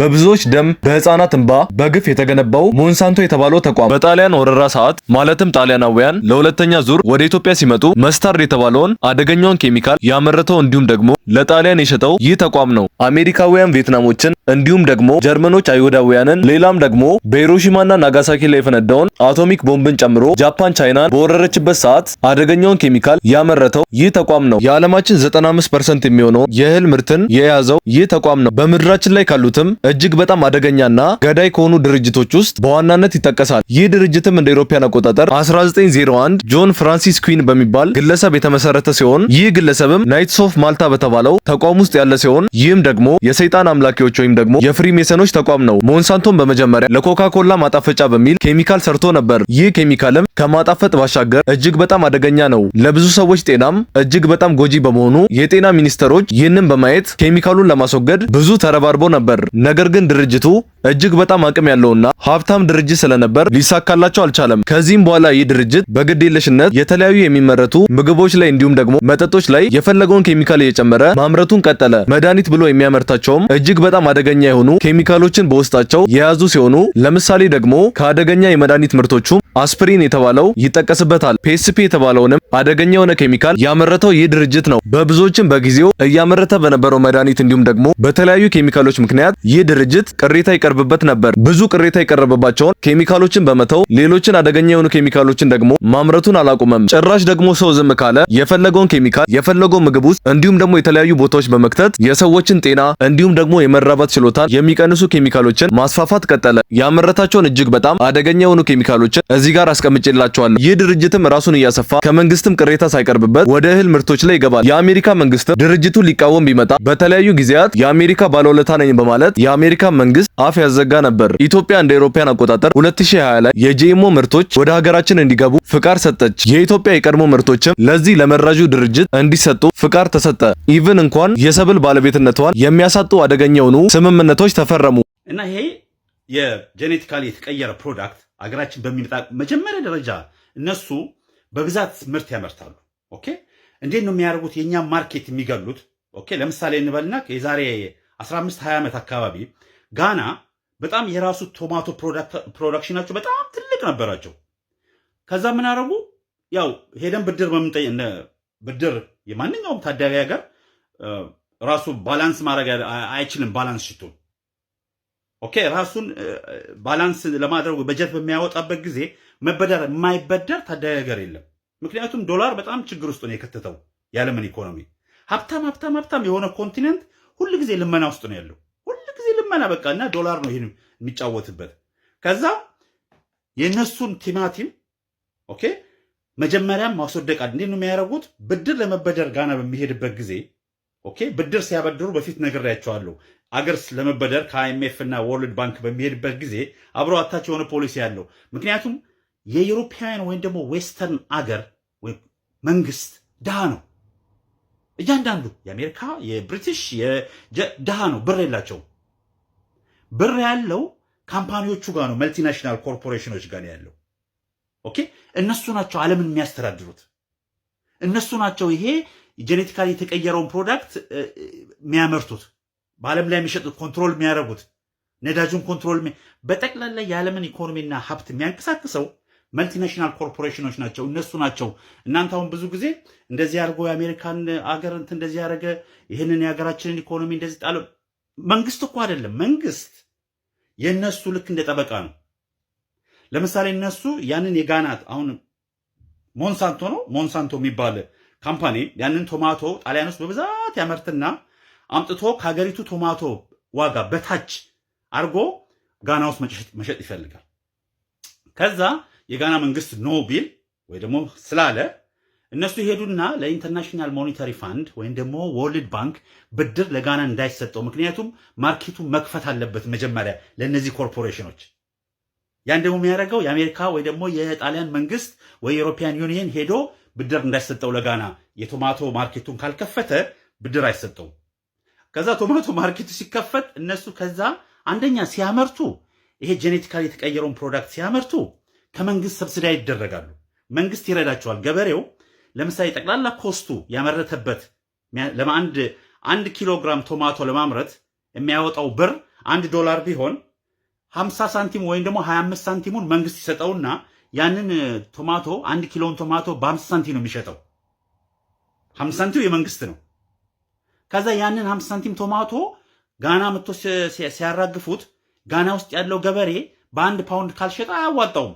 በብዙዎች ደም በህፃናት እንባ በግፍ የተገነባው ሞንሳንቶ የተባለው ተቋም በጣሊያን ወረራ ሰዓት ማለትም ጣሊያናውያን ለሁለተኛ ዙር ወደ ኢትዮጵያ ሲመጡ መስታርድ የተባለውን አደገኛውን ኬሚካል ያመረተው እንዲሁም ደግሞ ለጣሊያን የሸጠው ይህ ተቋም ነው። አሜሪካውያን ቪየትናሞችን እንዲሁም ደግሞ ጀርመኖች አይሁዳውያንን፣ ሌላም ደግሞ በሂሮሺማና ናጋሳኪ ላይ የፈነዳውን አቶሚክ ቦምብን ጨምሮ ጃፓን ቻይናን በወረረችበት ሰዓት አደገኛውን ኬሚካል ያመረተው ይህ ተቋም ነው። የዓለማችን 95% የሚሆነውን የእህል ምርትን የያዘው ይህ ተቋም ነው። በምድራችን ላይ ካሉትም እጅግ በጣም አደገኛና ገዳይ ከሆኑ ድርጅቶች ውስጥ በዋናነት ይጠቀሳል። ይህ ድርጅትም እንደ ኢሮፓያን አቆጣጠር 1901 ጆን ፍራንሲስ ኩዊን በሚባል ግለሰብ የተመሰረተ ሲሆን ይህ ግለሰብም ናይትስ ኦፍ ማልታ በተባለው ተቋም ውስጥ ያለ ሲሆን ይህም ደግሞ የሰይጣን አምላኪዎች ወይም ደግሞ የፍሪሜሰኖች ተቋም ነው። ሞንሳንቶን በመጀመሪያ ለኮካ ኮላ ማጣፈጫ በሚል ኬሚካል ሰርቶ ነበር። ይህ ኬሚካልም ከማጣፈጥ ባሻገር እጅግ በጣም አደገኛ ነው። ለብዙ ሰዎች ጤናም እጅግ በጣም ጎጂ በመሆኑ የጤና ሚኒስተሮች ይህንን በማየት ኬሚካሉን ለማስወገድ ብዙ ተረባርቦ ነበር። ነገር ግን ድርጅቱ እጅግ በጣም አቅም ያለውና ሀብታም ድርጅት ስለነበር ሊሳካላቸው አልቻለም። ከዚህም በኋላ ይህ ድርጅት በግዴለሽነት የተለያዩ የሚመረቱ ምግቦች ላይ እንዲሁም ደግሞ መጠጦች ላይ የፈለገውን ኬሚካል እየጨመረ ማምረቱን ቀጠለ። መድኃኒት ብሎ የሚያመርታቸውም እጅግ በጣም አደገኛ የሆኑ ኬሚካሎችን በውስጣቸው የያዙ ሲሆኑ ለምሳሌ ደግሞ ከአደገኛ የመድኃኒት ምርቶቹም አስፕሪን የተባለው ይጠቀስበታል። ፔስፒ የተባለውንም አደገኛ የሆነ ኬሚካል ያመረተው ይህ ድርጅት ነው። በብዙዎችም በጊዜው እያመረተ በነበረው መድኃኒት እንዲሁም ደግሞ በተለያዩ ኬሚካሎች ምክንያት ይህ ድርጅት ቅሬታ ይቀርብበት ነበር። ብዙ ቅሬታ የቀረበባቸውን ኬሚካሎችን በመተው ሌሎችን አደገኛ የሆኑ ኬሚካሎችን ደግሞ ማምረቱን አላቆመም። ጭራሽ ደግሞ ሰው ዝም ካለ የፈለገውን ኬሚካል የፈለገው ምግብ ውስጥ እንዲሁም ደግሞ የተለያዩ ቦታዎች በመክተት የሰዎችን ጤና እንዲሁም ደግሞ የመራባት ችሎታን የሚቀንሱ ኬሚካሎችን ማስፋፋት ቀጠለ። ያመረታቸውን እጅግ በጣም አደገኛ የሆኑ ኬሚካሎችን እዚህ ጋር አስቀምጬላቸዋለሁ። ይህ ድርጅትም ራሱን እያሰፋ ከመንግስትም ቅሬታ ሳይቀርብበት ወደ እህል ምርቶች ላይ ይገባል። የአሜሪካ መንግስትም ድርጅቱን ሊቃወም ቢመጣ በተለያዩ ጊዜያት የአሜሪካ ባለውለታ ነኝ በማለት የአሜሪካ መንግስት አፍ ያዘጋ ነበር። ኢትዮጵያ እንደ ኤሮፓያን አቆጣጠር 2020 ላይ የጂኤምኦ ምርቶች ወደ ሀገራችን እንዲገቡ ፍቃድ ሰጠች። የኢትዮጵያ የቀድሞ ምርቶችም ለዚህ ለመራዡ ድርጅት እንዲሰጡ ፍቃድ ተሰጠ። ኢቭን እንኳን የሰብል ባለቤትነቷን የሚያሳጡ አደገኛ የሆኑ ስምምነቶች ተፈረሙ። እና ይሄ የጄኔቲካሊ የተቀየረ ፕሮዳክት አገራችን በሚመጣ መጀመሪያ ደረጃ እነሱ በብዛት ምርት ያመርታሉ። ኦኬ እንዴት ነው የሚያደርጉት? የእኛ ማርኬት የሚገሉት። ኦኬ ለምሳሌ እንበልና የዛሬ 15 20 ዓመት አካባቢ ጋና በጣም የራሱ ቶማቶ ፕሮዳክሽናቸው በጣም ትልቅ ነበራቸው። ከዛ ምን አደረጉ? ያው ሄደን ብድር በምንጠይ ብድር የማንኛውም ታዳጊ ሀገር ራሱ ባላንስ ማድረግ አይችልም። ባላንስ ሽቶ ኦኬ፣ ራሱን ባላንስ ለማድረጉ በጀት በሚያወጣበት ጊዜ መበደር የማይበደር ታዳጊ ሀገር የለም። ምክንያቱም ዶላር በጣም ችግር ውስጥ ነው የከተተው የዓለምን ኢኮኖሚ። ሀብታም ሀብታም ሀብታም የሆነ ኮንቲኔንት ሁል ጊዜ ልመና ውስጥ ነው ያለው። ሁል ጊዜ ልመና በቃ እና ዶላር ነው ይህን የሚጫወትበት። ከዛ የእነሱን ቲማቲም ኦኬ መጀመሪያም ማስወደቅ አለ። እንዴት ነው የሚያደርጉት? ብድር ለመበደር ጋና በሚሄድበት ጊዜ ኦኬ ብድር ሲያበድሩ በፊት ነግሬያቸዋለሁ። አገር ለመበደር ከአይኤምኤፍ እና ወርልድ ባንክ በሚሄድበት ጊዜ አብሮ አታች የሆነ ፖሊሲ ያለው ምክንያቱም የዩሮፓውያን ወይም ደግሞ ዌስተርን አገር መንግስት ድሃ ነው። እያንዳንዱ የአሜሪካ የብሪቲሽ ድሃ ነው። ብር የላቸው። ብር ያለው ካምፓኒዎቹ ጋር ነው፣ መልቲናሽናል ኮርፖሬሽኖች ጋር ያለው። ኦኬ እነሱ ናቸው ዓለምን የሚያስተዳድሩት። እነሱ ናቸው ይሄ ጄኔቲካሊ የተቀየረውን ፕሮዳክት የሚያመርቱት፣ በዓለም ላይ የሚሸጡት፣ ኮንትሮል የሚያደርጉት፣ ነዳጁን ኮንትሮል በጠቅላላ የዓለምን ኢኮኖሚና ሀብት የሚያንቀሳቅሰው መልቲናሽናል ኮርፖሬሽኖች ናቸው እነሱ ናቸው። እናንተ አሁን ብዙ ጊዜ እንደዚህ አድርጎ የአሜሪካን አገር እንትን እንደዚህ ያደረገ ይህንን የሀገራችንን ኢኮኖሚ እንደዚህ ጣለ። መንግስት እኮ አይደለም መንግስት የእነሱ ልክ እንደ ጠበቃ ነው። ለምሳሌ እነሱ ያንን የጋናት አሁን ሞንሳንቶ ነው ሞንሳንቶ የሚባል ካምፓኒ ያንን ቶማቶ ጣሊያን ውስጥ በብዛት ያመርትና አምጥቶ ከሀገሪቱ ቶማቶ ዋጋ በታች አድርጎ ጋና ውስጥ መሸጥ ይፈልጋል ከዛ የጋና መንግስት ኖ ቢል ወይ ደግሞ ስላለ እነሱ ይሄዱና ለኢንተርናሽናል ሞኒተሪ ፋንድ ወይም ደግሞ ወርልድ ባንክ ብድር ለጋና እንዳይሰጠው፣ ምክንያቱም ማርኬቱ መክፈት አለበት መጀመሪያ ለእነዚህ ኮርፖሬሽኖች። ያን ደግሞ የሚያደርገው የአሜሪካ ወይ ደግሞ የጣሊያን መንግስት ወይ የኢሮፒያን ዩኒየን ሄዶ ብድር እንዳይሰጠው ለጋና የቶማቶ ማርኬቱን ካልከፈተ ብድር አይሰጠውም። ከዛ ቶማቶ ማርኬቱ ሲከፈት እነሱ ከዛ አንደኛ ሲያመርቱ ይሄ ጄኔቲካሊ የተቀየረውን ፕሮዳክት ሲያመርቱ ከመንግስት ሰብስዳ ይደረጋሉ። መንግስት ይረዳቸዋል። ገበሬው ለምሳሌ ጠቅላላ ኮስቱ ያመረተበት ለአንድ አንድ ኪሎ ግራም ቶማቶ ለማምረት የሚያወጣው ብር አንድ ዶላር ቢሆን 50 ሳንቲም ወይም ደግሞ 25 ሳንቲሙን መንግስት ይሰጠውና ያንን ቶማቶ አንድ ኪሎን ቶማቶ በ50 ሳንቲም ነው የሚሸጠው። 50 ሳንቲም የመንግስት ነው። ከዛ ያንን 50 ሳንቲም ቶማቶ ጋና መጥቶ ሲያራግፉት ጋና ውስጥ ያለው ገበሬ በአንድ ፓውንድ ካልሸጠ አያዋጣውም።